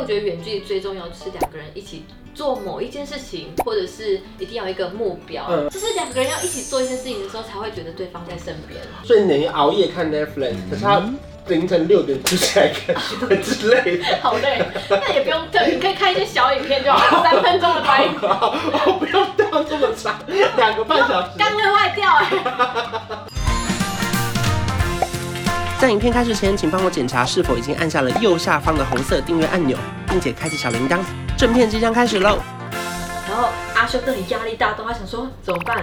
我覺得遠距離最重要就是兩個人一起做某一件事情，或者是一定要一個目標，嗯、就是兩個人要一起做一件事情的時候，才會覺得對方在身邊。所以你熬夜看 Netflix、欸、可是他凌晨六點就起來看，好累，好累。那也不用掉，你可以看一些小影片，就好，三分鐘的拍片，哦不用掉這，這麼長，兩個半小時，剛會外掉，哎、欸。在影片開始前，請幫我檢查是否已經按下了右下方的紅色訂閱按鈕，並且開啟小鈴鐺。正片即將開始嘍。然後阿修這裡壓力大到他想說怎麼辦？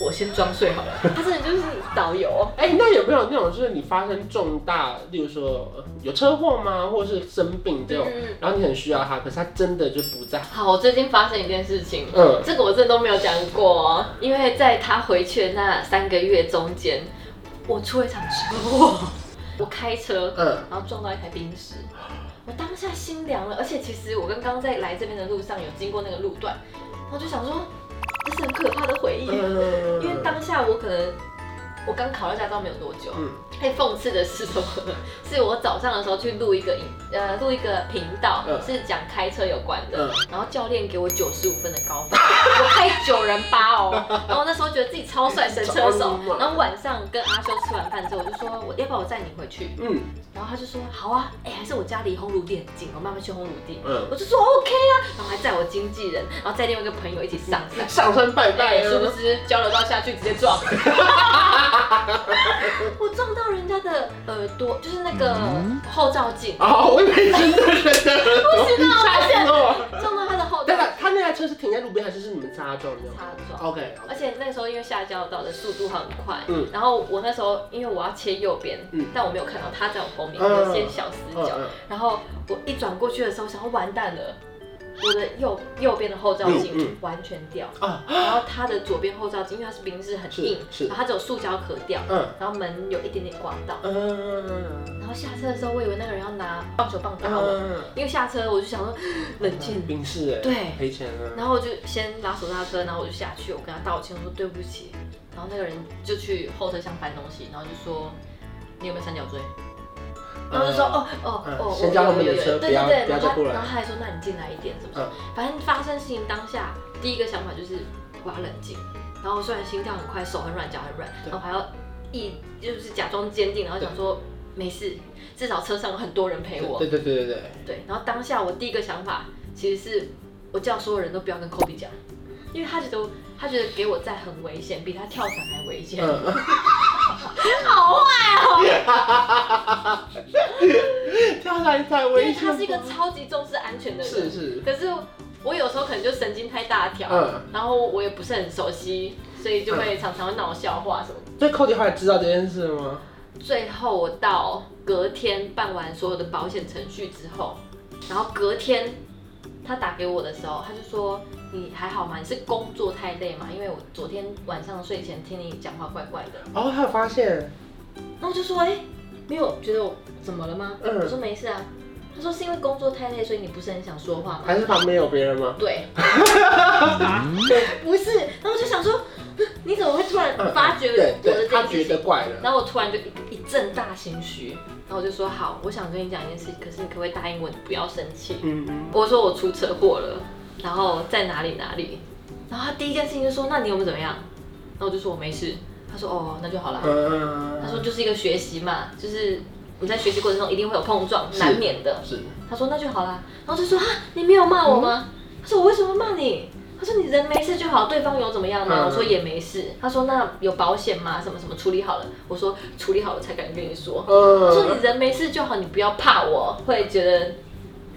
我先裝睡好了。 他真的就是導遊。哎、欸，那有沒有那種就是你發生重大，例如說有車禍嗎，或者是生病這種，嗯、然後你很需要他，可是他真的就不在？好，我最近發生一件事情。嗯，這個我真的都沒有講過、哦，因為在他回去的那三個月中間。我出了一場車禍，我開車，然後撞到一台賓士，我當下心涼了，而且其實我跟剛剛在來這邊的路上有經過那個路段，我就想說，這是很可怕的回憶，因為當下我可能。我剛考了駕照沒有多久，嗯，最諷刺的是什麼，是我早上的時候去錄一個影，呃，錄一個頻道是講開車有關的，嗯、然後教練給我九十五分的高分，嗯、 我開九人八哦， 然後那時候覺得自己超帥神車手，然後晚上跟阿修吃完飯之後，我就說我要不要我載你回去，嗯，然後他就說好啊，哎、欸、還是我家離烘爐地很近，我慢慢去烘爐地，嗯，我就說 OK 啊，然後還載我經紀人，然後再另外一個朋友一起上山、嗯，上山拜拜、欸，是不是交流道下去直接撞。 我撞到人家的耳朵，就是那個後照鏡哦，我也沒真的真的，我發現撞到他的後照鏡。對啊，他那台車是停在路邊還是是你們擦撞的？擦撞中。OK，, okay. 而且那時候因為下交道的速度很快，嗯，然後我那時候因為我要切右邊，嗯，但我沒有看到他在我後面，有些、嗯、小死角。嗯嗯、然後我一轉過去的時候，想說完蛋了。我的右右邊的後照鏡完全掉了，然後他的左邊後照鏡因為它是冰室很硬，然後它只有塑膠殼掉，然後門有一點點刮到。然後下車的時候我以為那個人要拿棒球棒打我，因為下車我就想說冷靜，冰室哎，對，賠錢。然後我就先拉手剎車，然後我就下去，我跟他道歉，我說對不起。然後那個人就去後車廂搬東西，然後就說你有沒有三角錐？然後就說哦哦哦，哦哦先叫他們的車，我對對，對不要，然後他還說，那你進來一點，怎麼說反正發生事情當下，第一個想法就是，我要冷靜。然後雖然心跳很快，手很軟，腳很軟，對 然後還要一就是假裝堅定，然後講說對 沒事，至少車上有很多人陪我。對對對對對，對，對。然後當下我第一個想法，其實是我叫所有人都不要跟 Cody 講，因為他覺得他覺得給我在很危險，比他跳傘還危險。嗯 好壞哦，跳還去，因為他是一個超級重視安全的人，是是。可是我有時候可能就神經太大條，然後我也不是很熟悉，所以就會常常鬧笑話什麼的。所以寇迪他知道這件事嗎？最後我到隔天辦完所有的保險程序之後，然後隔天。他打給我的時候，他就說：“你還好嗎？你是工作太累嗎？因為我昨天晚上睡前聽你講話怪怪的。”哦，他有發現？然後我就說：“哎、欸，沒有，覺得我怎麼了嗎？”嗯、我說沒事啊。他說是因為工作太累，所以你不是很想說話嗎？還是旁邊有別人嗎？對。 啊、不是。然後我就想說，你怎麼會突然發覺我的這句、嗯？他覺得怪了。然後我突然就，正大心虛，然後我就說好，我想跟你講一件事情，可是你可不可以答應我，你不要生氣？嗯，嗯。我說我出車禍了，然後在哪裡哪裡，然後他第一件事情就說，那你有沒有怎麼樣？然後我就說我沒事。他說哦，那就好了。他說就是一個學習嘛，就是你在學習過程中一定會有碰撞，難免的。是。他說那就好了，然後就說啊，你沒有罵我嗎？他說我為什麼罵你？他說你人沒事就好，對方有怎麼樣呢？嗯、我說也沒事。他說那有保險嗎？什麼什麼處理好了？我說處理好了才敢跟你說。呃、他說你人沒事就好，你不要怕我會覺得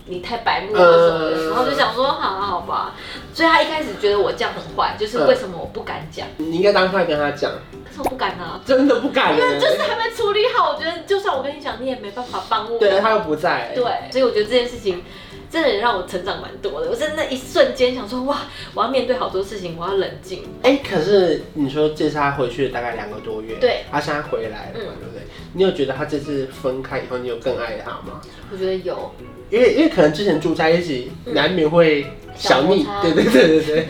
你太白目了什麼的。然後、呃、就是、就想說，好，好吧。所以他一開始覺得我這樣很壞，就是為什麼我不敢講？呃、你應該當快跟他講。可是我不敢啊，真的不敢。對，就是還沒處理好，我覺得就算我跟你講，你也沒辦法幫我。對，他又不在。對，所以我覺得這件事情。真的也讓我成長蠻多的。我真的一瞬間想說，哇，我要面對好多事情，我要冷靜。哎、欸，可是你說這次他回去了大概兩個多月，對，他現在回來了嘛，嗯、對不對？你有覺得他這次分開以後，你有更愛他嗎？我覺得有，因為因為可能之前住在一起，嗯、難免會小膩。小膩，對對對對 對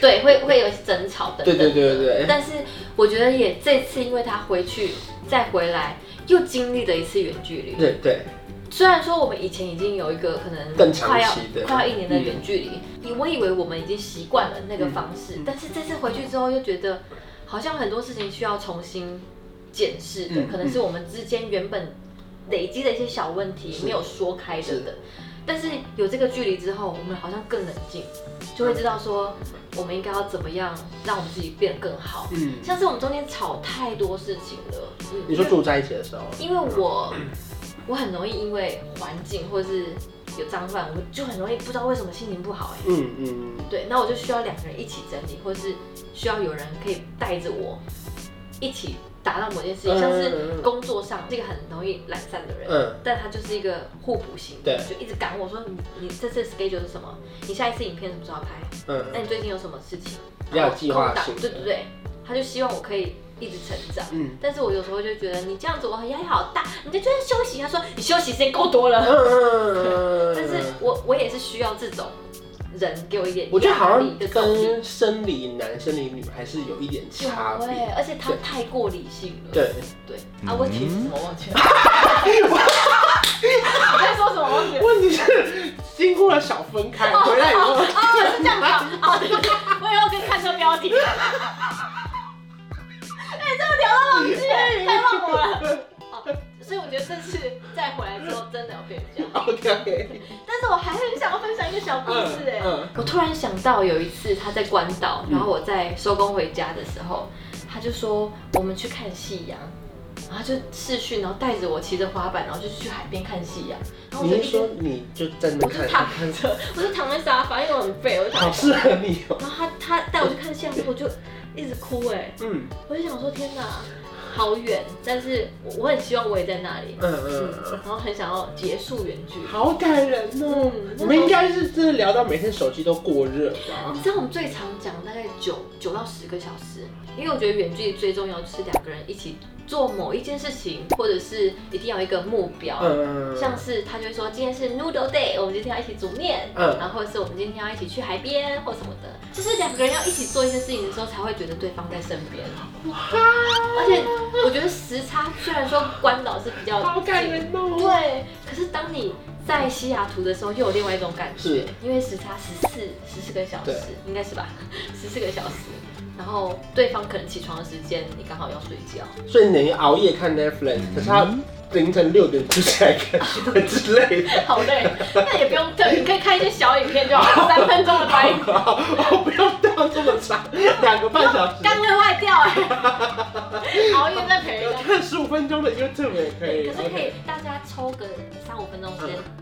對，會會有爭吵等等的。對對對對對。但是我覺得也這次因為他回去再回來，又經歷了一次遠距離。對對。雖然說我們以前已經有一個可能快要快要一年的遠距離，以我以為我們已經習慣了那個方式，但是這次回去之後又覺得，好像很多事情需要重新檢視，可能是我們之間原本累積的一些小問題沒有說開等等。的，是 但是有這個距離之後，我們好像更冷靜，就會知道說我們應該要怎麼樣讓我們自己變得更好。嗯，像是我們中間吵太多事情了。嗯，嗯、因為 你說住在一起的時候，因為我。嗯我很容易因為環境或者是有髒亂，我就很容易不知道為什麼心情不好。嗯嗯。對，那我就需要兩個人一起整理，或者是需要有人可以帶着我一起達到某件事情，像是工作上，是一個很容易懶散的人，但他就是一個互補型，就一直趕我說你這次 schedule 是什麼？你下一次影片什麼時候拍？嗯，那你最近有什麼事情？要計劃性。對對對，他就希望我可以。一直成長，嗯，但是我有時候就覺得你這樣子，我壓力好大，你就覺得休息，他說你休息時間夠多了。嗯嗯、 但是我我也是需要這種人給我一點，點，我覺得好像跟生理男生理女還是有一點差別，對，而且他太過理性了。對對。對啊，問題是，我往前。你在說什麼問題？問題是經過了小分開，回來以後。啊，是這樣子。好的、喔，我以後就看這個標題。嗯，是我突然想到有一次他在關島，然後我在收工回家的時候，他就說我們去看夕陽，然後就視訊，然後帶着我騎着滑板，然後就去海邊看夕陽。你就說你就在那看？我就躺着，我就躺在沙發，沙發，因為我很廢，我就躺。好適合你。然後他他帶我去看夕陽，我就一直哭哎，嗯，我就想說天哪。好遠，但是我很希望我也在那裡，嗯嗯，然後很想要結束遠距，好感人哦，喔。嗯，我們應該是真的聊到每天手機都過熱吧，你知道我們最常講大概九九到十個小時，因為我覺得遠距最重要就是兩個人一起做某一件事情，或者是一定要一個目標，像是他就會說今天是 Noodle Day，我們今天要一起煮麵，然後是我們今天要一起去海邊或什麼的，就是兩個人要一起做一些事情的時候，才會覺得對方在身邊。而且我覺得時差雖然說關島是比較好感動，對，可是當你在西雅圖的時候，又有另外一種感覺，因為時差十四十四個小時，應該是吧，十四個小時。然後對方可能起床的時間，你剛好要睡覺，所以你熬夜看 Netflix，、嗯嗯、可是他凌晨六點就起來看之類， 好累。那也不用，你可以看一些小影片就好，三 分鐘的短影片，不用當這，這麼長，兩 個半小時。乾脆外掉，熬夜在陪人看十五分鐘的 YouTube 也可以， 可是可以大家抽個。五分鐘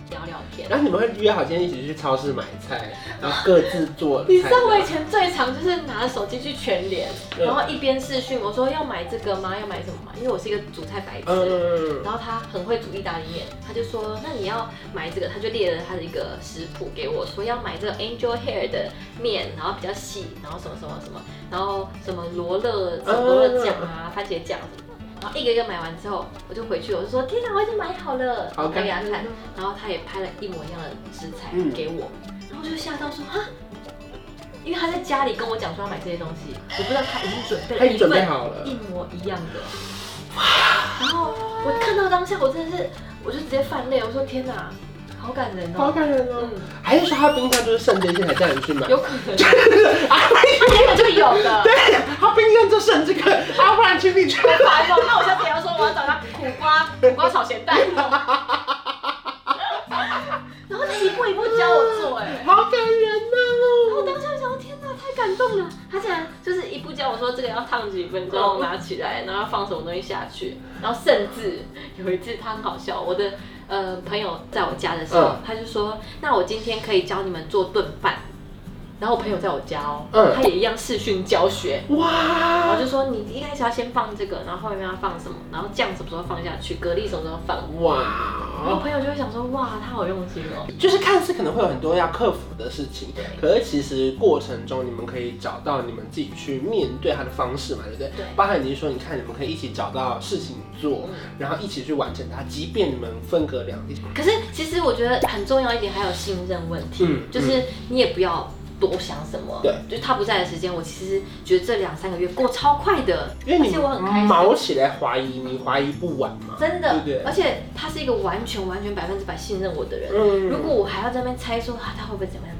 先聊聊天、嗯，然、啊、後你們會約好今天一起去超市買菜，然後各自做。 你知道我以前最常就是拿手機去全聯，嗯、然後一邊視訊，我說要買這個嗎？要買什麼嗎？因為我是一個煮菜白痴。嗯、然後他很會煮意大利麵，他就說那你要買這個，他就列了他的一個食譜給我說，說要買這個 Angel Hair 的面，然後比較細，然後什麼什麼什麼，然後什麼羅勒，羅勒醬啊，嗯、番茄醬。然後一個一個買完之後，我就回去我，我就說天哪，我已經買好了，可以啊，你看。然後他也拍了一模一樣的食材給我，然後我就嚇到說哈，因為他在家裡跟我講說要買這些東西，我不知道他已經準備，他準備好了，一模一樣的。然後我看到當下，我真的是，我就直接泛淚，我說天哪。好感人哦、喔！好感人哦、喔！嗯、還說是說 他冰箱就是剩這些，現在你樣子嗎？有可能，啊，沒有就有的。對，他冰箱就剩這個，他不然請你吃。太感動，那我現在下次要說我要找他苦瓜，苦瓜炒鹹蛋。然後一步一步教我做，哎，好感人哦！然後我當下想，天哪，太感動了。他竟然就是一步教我說這個要燙幾分鐘，拿起來，然後放什麼東西下去，然後甚至有一次他很好笑，我的。呃，朋友在我家的時候，他就說：“那我今天可以教你們做燉飯。”然後我朋友在我家哦、喔，嗯、他也一樣視訊教學哇。然後就說，你一開始要先放這個，然後後面要放什麼，然後醬什麼時候放下去，蛤蜊什麼時候放哇。然後我朋友就會想說哇，他好用心哦、喔。就是看似可能會有很多要克服的事情，對可是其實過程中你們可以找到你們自己去面對它的方式嘛，對不對？對包含你說你看你們可以一起找到事情做，然後一起去完成它，即便你們分隔兩地。可是其實我覺得很重要一點還有信任問題，嗯、就是你也不要。多想什麼？對，就他不在的時間，我其實覺得這兩三個月過超快的，為而且我很開心。毛起來懷疑你，懷疑不完嘛。真的，而且他是一個完全完全百分之百信任我的人。如果我還要在那邊猜說他他會不會怎麼樣？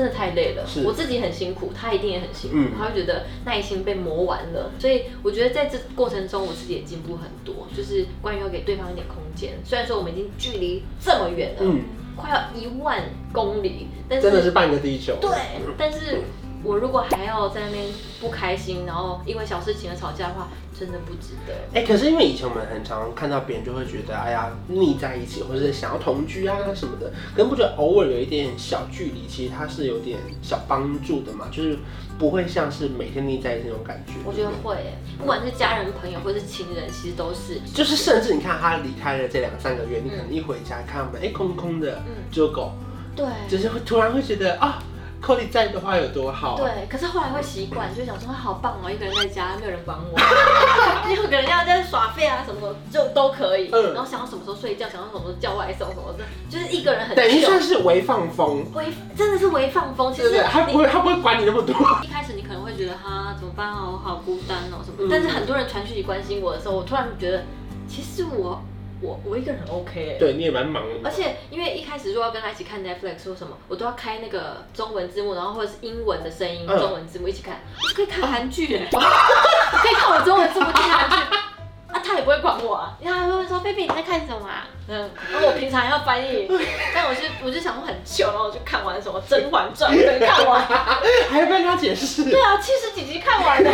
真的太累了，是，我自己很辛苦，他一定也很辛苦，嗯、他會覺得耐心被磨完了，所以我覺得在這過程中，我自己也進步很多，就是關於要給對方一點空間。雖然說我們已經距離這麼遠了，快要一萬公里，但是真的是半個地球。對，但是。我如果還要在那邊不開心，然後因為小事情而吵架的話，真的不值得。哎、欸，可是因為以前我們很常看到別人就會覺得，哎呀，膩在一起，或者是想要同居啊什麼的，根本不覺得偶爾有一點小距離，其實它是有點小幫助的嘛，就是不會像是每天膩在一起那種感覺。我覺得會，嗯、不管是家人、朋友或是情人，其實都是。就是甚至你看他離開了這兩三個月，嗯、你可能一回家看我們，哎、欸，空空的，嗯，就狗。對。就是會突然會覺得啊。k o 在的話有多好，啊。對，可是後來會習慣，就想說，好棒哦，喔，一個人在家，沒有人管我， 有個人要在耍廢啊，什麼就都可以。嗯，然後想要什麼時候睡覺，想要什麼時候叫外送，什麼，就是一個人很。等於算是微放風微。微真的是微放風，其實他不會，他不會管你那麼多。一開始你可能會覺得，哈，怎麼辦哦，喔，我好孤單哦，喔，什麼。但是很多人傳訊息關心我的時候，我突然覺得，其實我。我我一個人很 OK，對，你也蠻忙。而且因為一開始如果要跟他一起看 Netflix 或什麼，我都要開那個中文字幕，然後或者是英文的聲音，中文字幕一起看。可以看韓劇，可以看我中文字幕看韓劇啊，他也不會管我。啊，然後他會說：“Baby 你在看什麼？”啊？嗯，然後我平常要翻譯，但我是我就想我很糗，然後我就看完什麼《甄嬛傳》，看完，還要跟他解釋。對啊，七十幾集看完的，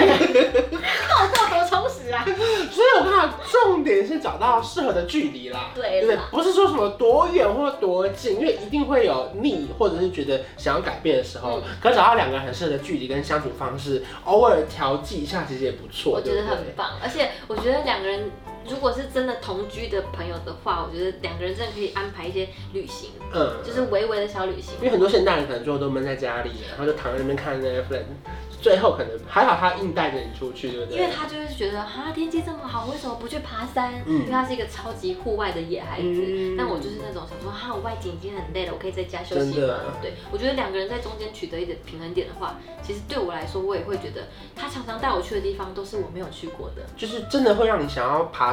是啊，所以我看重點是找到適合的距離啦，對啦，對不對？不是說什麼多遠或多近，因為一定會有膩或者是覺得想要改變的時候，可找到兩個很適合的距離跟相處方式，偶爾調劑一下，其實也不錯。我覺得很棒，對不對，而且我覺得兩個人。如果是真的同居的朋友的話，我覺得兩個人真的可以安排一些旅行，嗯，就是微微的小旅行。嗯、因為很多現代人可能最後都悶在家裡，然後就躺在那邊看那些 friend，最後可能還好他硬帶着你出去，對不對？因為他就是覺得哈天氣這麼好，為什麼不去爬山？嗯，因為他是一個超級戶外的野孩子。嗯、但我就是那種想說哈、啊、我外景已經很累了，我可以在家休息了。的啊、對，我覺得兩個人在中間取得一點平衡點的話，其實對我來說，我也會覺得他常常帶我去的地方都是我沒有去過的。就是真的會讓你想要爬。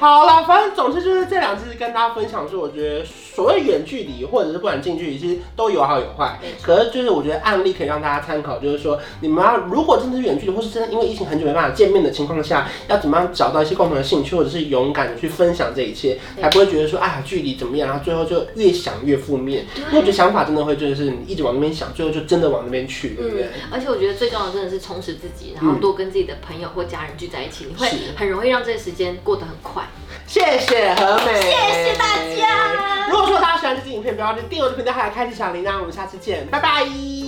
好啦，反正總之就是這兩期跟大家分享的是，我覺得所謂遠距離或者是不管近距離其實都有好有壞。對可是就是我覺得案例可以讓大家參考，就是說你們要，如果真的是遠距離，或是真的因為疫情很久沒辦法見面的情況下，要怎麼樣找到一些共同的興趣，或者是勇敢的去分享這一切，才對不會覺得說哎呀距離怎麼樣，然後最後就越想越負面。對因為我覺得想法真的會就是你一直往那邊想，最後就真的往那邊去，嗯、對不對？而且我覺得最重要的真的是充實自己，然後多跟自己的朋友或家人聚在一起，嗯、你會很容易讓這個時間過得很快。謝謝何美，謝謝大家。如果說大家喜歡這支影片，不要忘記訂閱我的頻道，還有開啟小鈴鐺。我們下次見，拜拜。